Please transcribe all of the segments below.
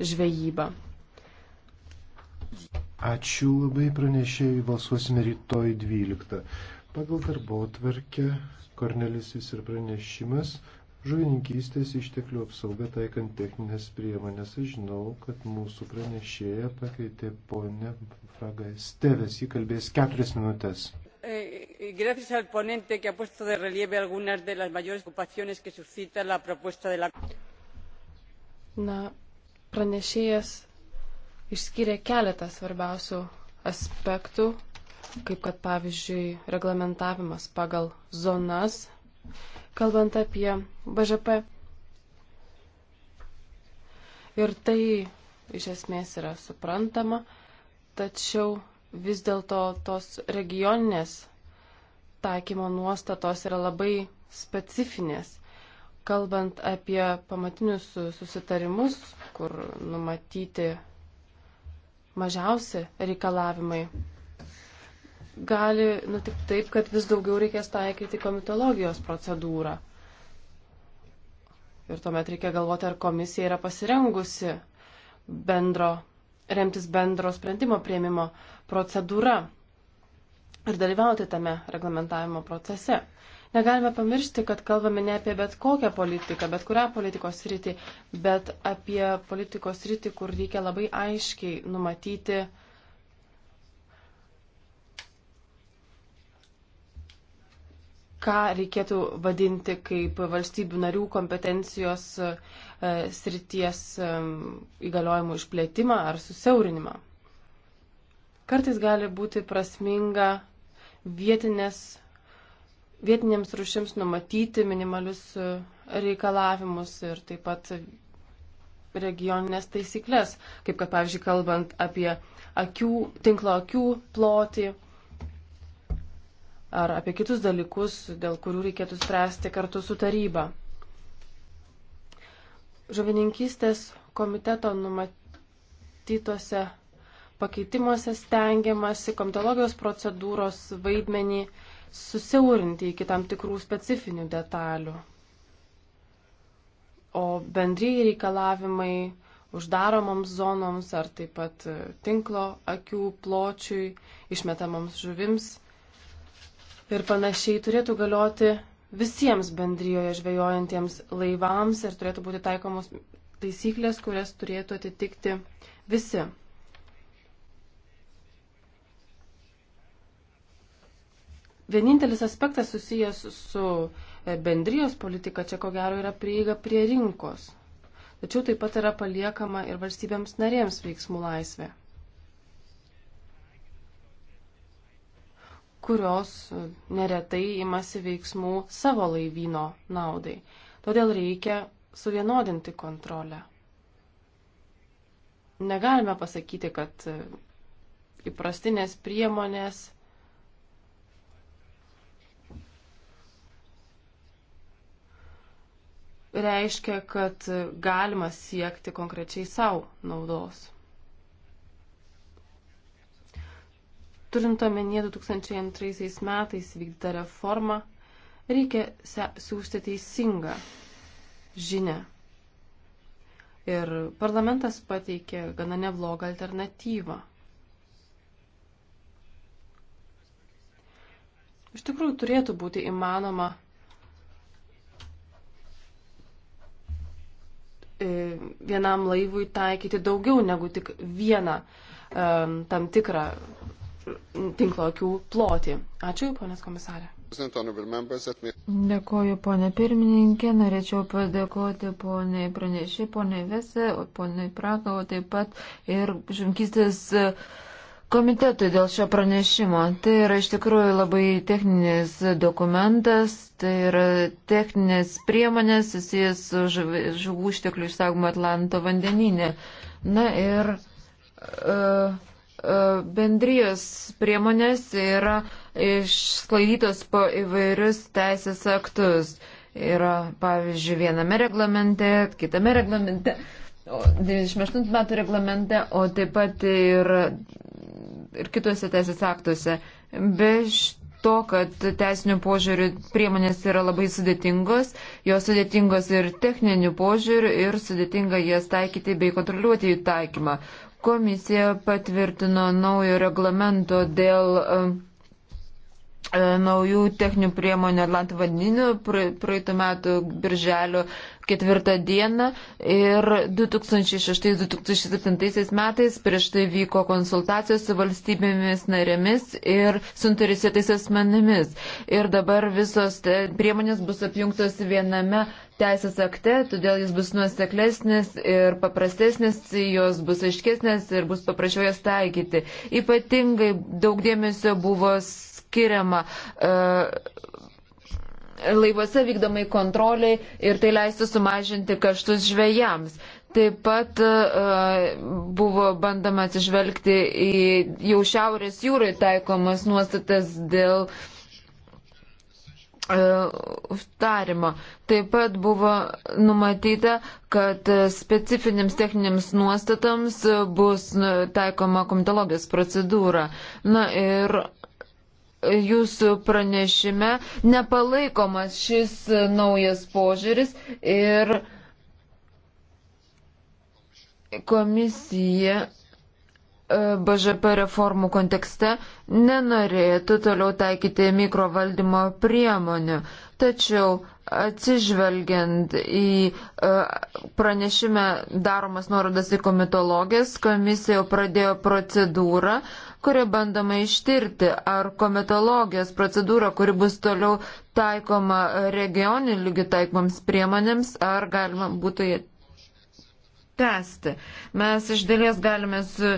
žvejyba. Ačiū labai pranešėjai, balsuosime rytoj 12. Pagal darbo tvarkę Kornelisis ir pranešimas žuvininkystės išteklių apsauga taikant techninės priemonės. Aš žinau, kad mūsų pranešėja pakeitė ponę Fragą Esteves, ji kalbės keturias minutės. Eh, eh, gracias al ponente que ha puesto de relieve algunas de las mayores ocupaciones que suscita la propuesta de la. Na, pranešėjas išskyrė keletą svarbiausių aspektų, kaip kad pavyzdžiui reglamentavimas pagal zonas, kalbant apie BŽP. Ir tai iš esmės yra suprantama, tačiau vis dėlto tos regioninės taikymo nuostatos yra labai specifinės. Kalbant apie pamatinius susitarimus kur numatyti mažiausi reikalavimai, gali nutikti taip, kad vis daugiau reikės taikyti komitologijos procedūrą. Ir tuomet reikia galvoti, ar komisija yra pasirengusi bendro, remtis bendro sprendimo prieimimo procedūra ir dalyvauti tame reglamentavimo procese. Negalime pamiršti, kad kalbame ne apie bet kokią politiką, bet kurią politikos rytį, bet apie politikos rytį, kur reikia labai aiškiai numatyti ką reikėtų vadinti kaip valstybių narių kompetencijos e, srities e, įgaliojimų išplėtimą ar susiaurinimą. Kartais gali būti prasminga vietinės vietinėms rušims numatyti minimalius e, reikalavimus ir taip pat regioninės taisyklės, kaip kad, pavyzdžiui, kalbant apie akių, tinklo akių plotį ar apie kitus dalykus, dėl kurių reikėtų spręsti kartu su taryba. Žuvininkystės komiteto numatytose pakeitimuose stengiamasi komitologijos procedūros vaidmenį uh, susiaurinti iki tam tikrų specifinių detalių. O bendrieji reikalavimai uždaromoms zonoms ar taip pat tinklo akių pločiui, išmetamoms žuvims ir panašiai turėtų galioti visiems bendrijoje žvejojantiems laivams ir turėtų būti taikomos taisyklės, kurias turėtų atitikti visi Vienintelis aspektas susijęs su e, bendrijos politika čia ko gero yra prieiga prie rinkos. Tačiau taip pat yra paliekama ir valstybėms narėms veiksmų laisvė, kurios e, neretai imasi veiksmų savo laivyno naudai. Todėl reikia suvienodinti kontrolę. Negalime pasakyti, kad e, įprastinės priemonės reiškia, kad galima siekti konkrečiai savo naudos. Turint omenyje 2002 metais vykdytą reformą, reikia siūsti teisingą žinę. Ir parlamentas pateikė gana neblogą alternatyvą. Iš tikrųjų turėtų būti įmanoma E, vienam laivui taikyti daugiau negu tik vieną e, tam tikrą tinklo akių plotį. Ačiū, ponės komisarė. Dėkoju, ponė pirmininkė. Norėčiau padėkoti poniai pranešiai, poniai Vese, poniai Prakavo, taip pat ir žemkistės. Uh, komitetui dėl šio pranešimo. Tai yra iš tikrųjų labai techninis dokumentas, tai yra techninės priemonės susijęs su žuvų išteklių išsaugomu Atlanto vandeninė. Na ir uh, bendrijos priemonės yra išsklaidytos po įvairius teisės aktus. Yra, pavyzdžiui, viename reglamente, kitame reglamente, 98 metų reglamente, o taip pat ir ir kitose teisės aktuose. Be to, kad teisinių požiūrių priemonės yra labai sudėtingos, jos sudėtingos ir techninių požiūrių ir sudėtinga jas taikyti bei kontroliuoti jų taikymą. Komisija patvirtino naujo reglamento dėl uh, E, naujų techninių priemonių Atlanto vandeninių praeitų metų birželio ketvirtą dieną ir 2006-2007 metais prieš tai vyko konsultacijos su valstybėmis narėmis ir suinteresėtais asmenimis. Ir dabar visos priemonės bus apjungtos viename teisės akte, todėl jis bus nuoseklesnis ir paprastesnis, jos bus aiškesnės ir bus paprašiau jas taikyti. Ypatingai daug dėmesio buvo skiriama e, laivuose vykdomai kontroliai ir tai leistų sumažinti kaštus žvėjams. Taip pat e, buvo bandama atsižvelgti į jau Šiaurės jūrai taikomas nuostatas dėl e, uždarimo. Taip pat buvo numatyta, kad specifinėms techninėms nuostatams bus nu, taikoma komitologijos procedūra. Na ir jūsų pranešime nepalaikomas šis naujas požiūris ir komisija e, BŽP reformų kontekste nenorėtų toliau taikyti mikrovaldymo priemonių. Tačiau atsižvelgiant į e, pranešime daromas nuorodas į komitologijas, komisija jau pradėjo procedūrą, kurioje bandoma ištirti, ar kometologijos procedūra, kuri bus toliau taikoma regioninių lygių taikomoms priemonėms, ar galima būtų jie tęsti. Mes iš dalies galime su.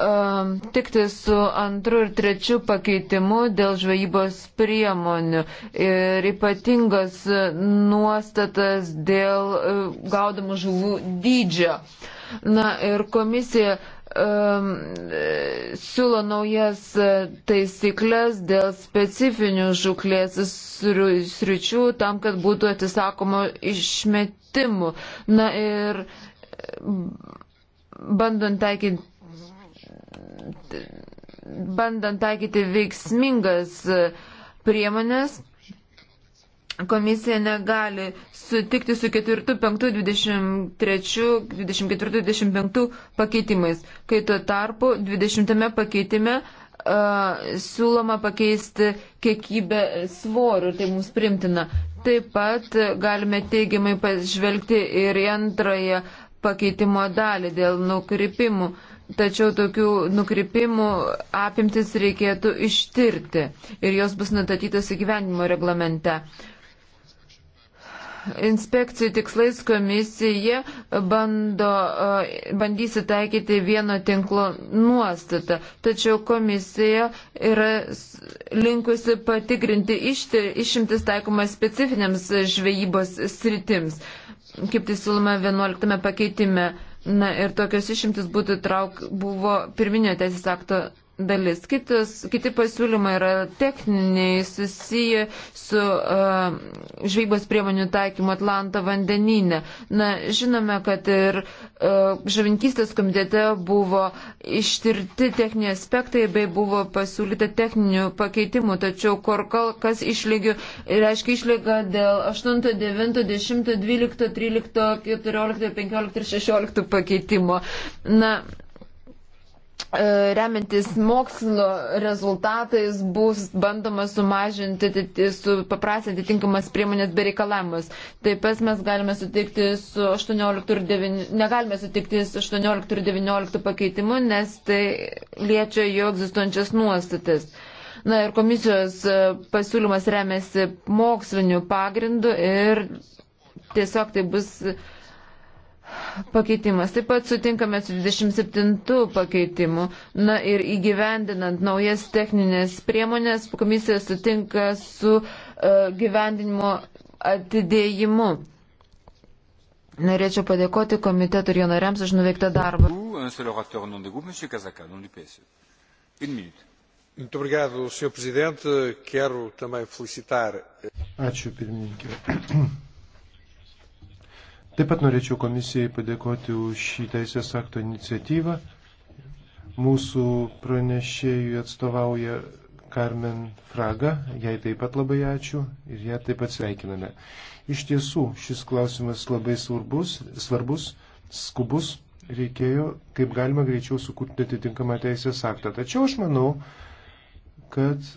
Um, tikti su antru ir trečiu pakeitimu dėl žvejybos priemonių ir ypatingas nuostatas dėl uh, gaudamų žuvų dydžio. Na ir komisija uh, um, siūlo naujas taisyklės dėl specifinių žuklės sričių tam, kad būtų atsisakoma išmetimų. Na ir um, bandant taikyti bandant taikyti veiksmingas uh, priemonės, Komisija negali sutikti su 4, 5, 23, 24, 25 pakeitimais, kai tuo tarpu 20 pakeitime uh, siūloma pakeisti kiekybę svorių, tai mums primtina. Taip pat galime teigiamai pažvelgti ir į antrąją pakeitimo dalį dėl nukrypimų, tačiau tokių nukrypimų apimtis reikėtų ištirti ir jos bus nustatytos įgyvenimo reglamente. Uh, inspekcijų tikslais komisija bando, e, bandysi taikyti vieno tinklo nuostatą, tačiau komisija yra linkusi patikrinti išti, išimtis taikomas specifinėms žvejybos sritims, kaip tai siūloma 11 pakeitime. Na ir tokios išimtis būtų trauk, buvo pirminio teisės akto dalis. Kitas, kiti pasiūlymai yra techniniai susiję su uh, žvejybos priemonių taikymu Atlanto vandenyne. Na, žinome, kad ir uh, žavinkystės komitete buvo ištirti techniniai aspektai bei buvo pasiūlyta techninių pakeitimų, tačiau kur kas išlygių reiškia išlyga dėl 8, 9, 10, 12, 13, 14, 15 ir 16 pakeitimo. Na, E, remiantis mokslo rezultatais bus bandoma sumažinti, supaprastinti tinkamas priemonės be reikalavimus. Taip pat mes galime sutikti su 18 ir 9, negalime sutikti su 18 ir 19 pakeitimu, nes tai liečia jau egzistuojančias nuostatas. Na ir komisijos e, pasiūlymas remiasi moksliniu pagrindu ir tiesiog tai bus uh, pakeitimas. Taip pat sutinkame su 27 pakeitimu. Na ir įgyvendinant naujas techninės priemonės, komisija sutinka su uh, gyvendinimo atidėjimu. Norėčiau padėkoti komitetų ir jo nariams už nuveiktą darbą. Euh, eh, Ačiū pirmininkė. Taip pat norėčiau komisijai padėkoti už šį teisės akto iniciatyvą. Mūsų pranešėjui atstovauja Carmen Fraga, jai taip pat labai ačiū ir ją taip pat sveikiname. Iš tiesų, šis klausimas labai svarbus, svarbus skubus, reikėjo kaip galima greičiau sukurti atitinkamą teisės aktą. Tačiau aš manau, kad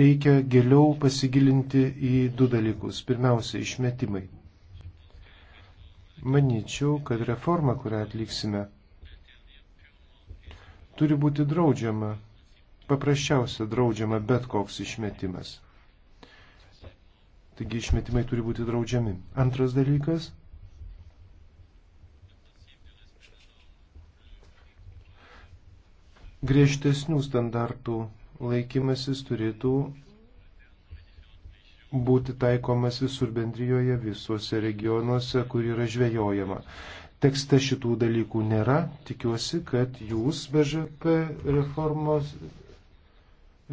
reikia giliau pasigilinti į du dalykus. Pirmiausia, išmetimai. Manyčiau, kad reforma, kurią atliksime, turi būti draudžiama, paprasčiausia draudžiama bet koks išmetimas. Taigi išmetimai turi būti draudžiami. Antras dalykas. Griežtesnių standartų laikymasis turėtų būti taikomas visur bendrijoje, visuose regionuose, kur yra žvejojama. Tekste šitų dalykų nėra. Tikiuosi, kad jūs BŽP reformos,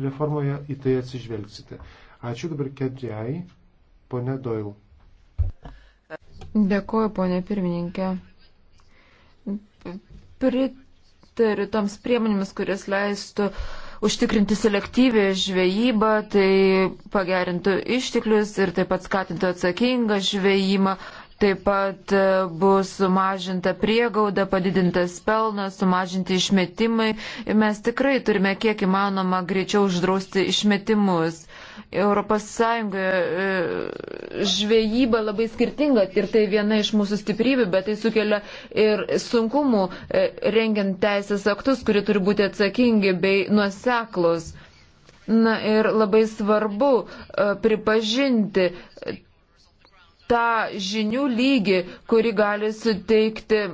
reformoje į tai atsižvelgsite. Ačiū dabar kedžiai, ponė Doil. Dėkuoju, ponė pirmininkė. Pritariu toms priemonėmis, kurias leistų uh, užtikrinti selektyvę žvejybą, tai pagerintų išteklius ir taip pat skatintų atsakingą žvejimą. Taip pat e, bus sumažinta priegauda, padidintas pelnas, sumažinti išmetimai. Mes tikrai turime kiek įmanoma greičiau uždrausti išmetimus. Europos Sąjungoje žvejyba labai skirtinga ir tai viena iš mūsų stiprybių, bet tai sukelia ir sunkumų e, rengiant teisės aktus, kurie turi būti atsakingi bei nuoseklus. Na ir labai svarbu e, pripažinti tą žinių lygį, kurį gali suteikti e,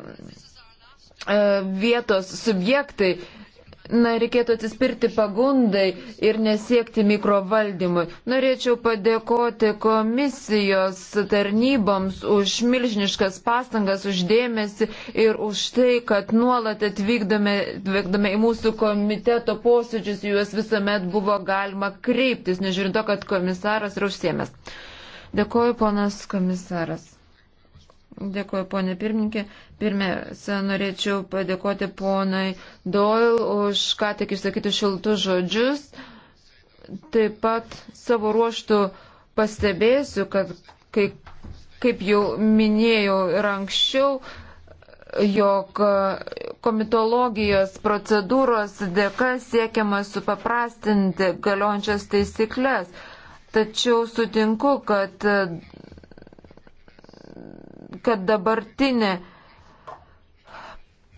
vietos subjektai Na, reikėtų atsispirti pagundai ir nesiekti mikrovaldymui. Norėčiau padėkoti komisijos tarnyboms už milžiniškas pastangas, uždėmesi ir už tai, kad nuolat atvykdame, atvykdame į mūsų komiteto posėdžius, juos visuomet buvo galima kreiptis, nežiūrint to, kad komisaras yra užsiemęs. Dėkoju, ponas komisaras. Dėkuoju, ponė pirmininkė. Pirmiausia, norėčiau padėkoti ponai Doyle už ką tik išsakyti šiltus žodžius. Taip pat savo ruoštų pastebėsiu, kad kai, kaip jau minėjau ir anksčiau, jog komitologijos procedūros dėka siekiama supaprastinti galiojančias taisyklės. Tačiau sutinku, kad kad dabartinė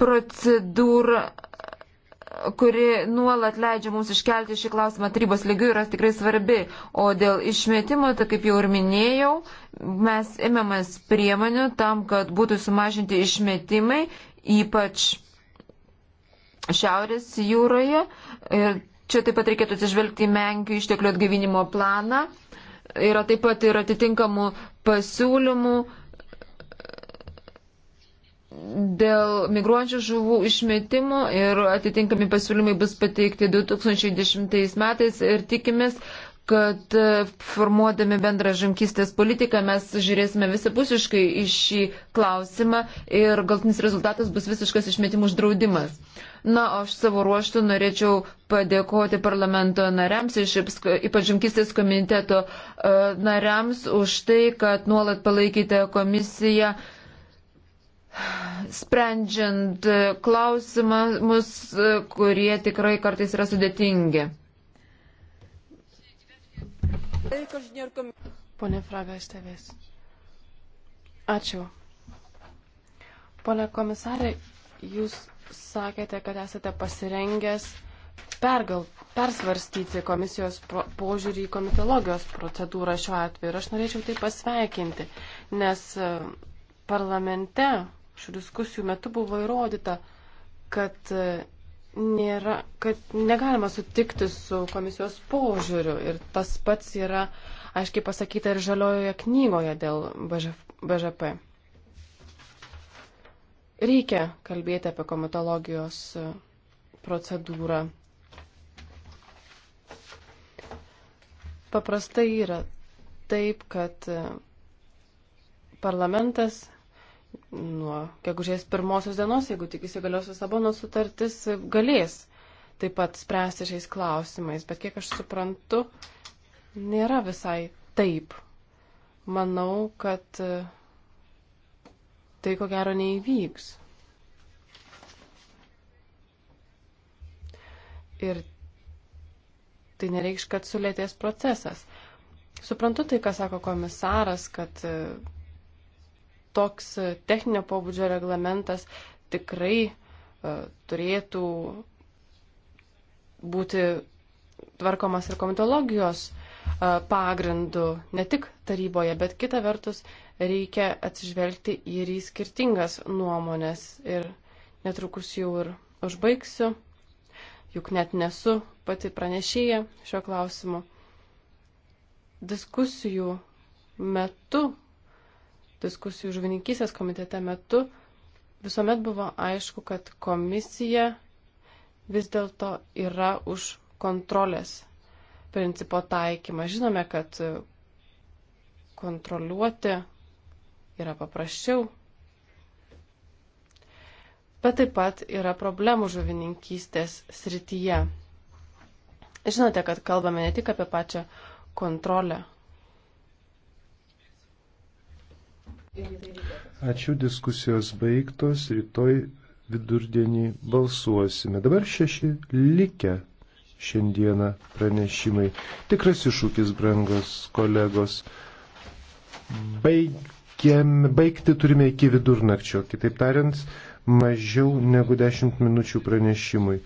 procedūra, kuri nuolat leidžia mums iškelti šį klausimą tarybos lygių, yra tikrai svarbi. O dėl išmetimo, tai kaip jau ir minėjau, mes ėmėmės priemonių tam, kad būtų sumažinti išmetimai, ypač Šiaurės jūroje. Ir čia taip pat reikėtų atsižvelgti į menkių išteklių atgaivinimo planą. Yra taip pat ir atitinkamų pasiūlymų dėl migruojančių žuvų išmetimo ir atitinkami pasiūlymai bus pateikti 2010 metais ir tikimės, kad e, formuodami bendrą žankystės politiką mes žiūrėsime visapusiškai į šį klausimą ir galtinis rezultatas bus visiškas išmetimų uždraudimas. Na, aš savo ruoštų norėčiau padėkoti parlamento nariams, ypač žankystės komiteto e, nariams, už tai, kad nuolat palaikėte komisiją uh, sprendžiant klausimus, kurie tikrai kartais yra sudėtingi. Pone Fraga, aš tavęs. Ačiū. Pone komisarė, jūs sakėte, kad esate pasirengęs pergal, persvarstyti komisijos pro, požiūrį į komitologijos procedūrą šiuo atveju. Ir aš norėčiau tai pasveikinti, nes e, parlamente šių diskusijų metu buvo įrodyta, kad, e, nėra, kad negalima sutikti su komisijos požiūriu. Ir tas pats yra aiškiai pasakyta ir žaliojoje knygoje dėl BŽP. Reikia kalbėti apie komitologijos e, procedūrą. Paprastai yra taip, kad e, parlamentas nuo gegužės pirmosios dienos, jeigu tik įsigalios Lisabonos sutartis, galės taip pat spręsti šiais klausimais. Bet kiek aš suprantu, nėra visai taip. Manau, kad tai ko gero neįvyks. Ir tai nereikš, kad sulėtės procesas. Suprantu tai, ką sako komisaras, kad toks techninio pobūdžio reglamentas tikrai uh, turėtų būti tvarkomas ir komitologijos uh, pagrindu, ne tik taryboje, bet kita vertus reikia atsižvelgti ir į skirtingas nuomonės. Ir netrukus jau ir užbaigsiu, juk net nesu pati pranešėja šio klausimu. Diskusijų metu diskusijų žuvininkysės komitete metu visuomet buvo aišku, kad komisija vis dėlto yra už kontrolės principo taikymą. Žinome, kad kontroliuoti yra paprasčiau, bet taip pat yra problemų žuvininkystės srityje. Žinote, kad kalbame ne tik apie pačią kontrolę, Ačiū, diskusijos baigtos, rytoj vidurdienį balsuosime. Dabar šeši likę šiandieną pranešimai. Tikras iššūkis, brangos kolegos. Baigiam, baigti turime iki vidurnakčio, kitaip tariant, mažiau negu 10 minučių pranešimui.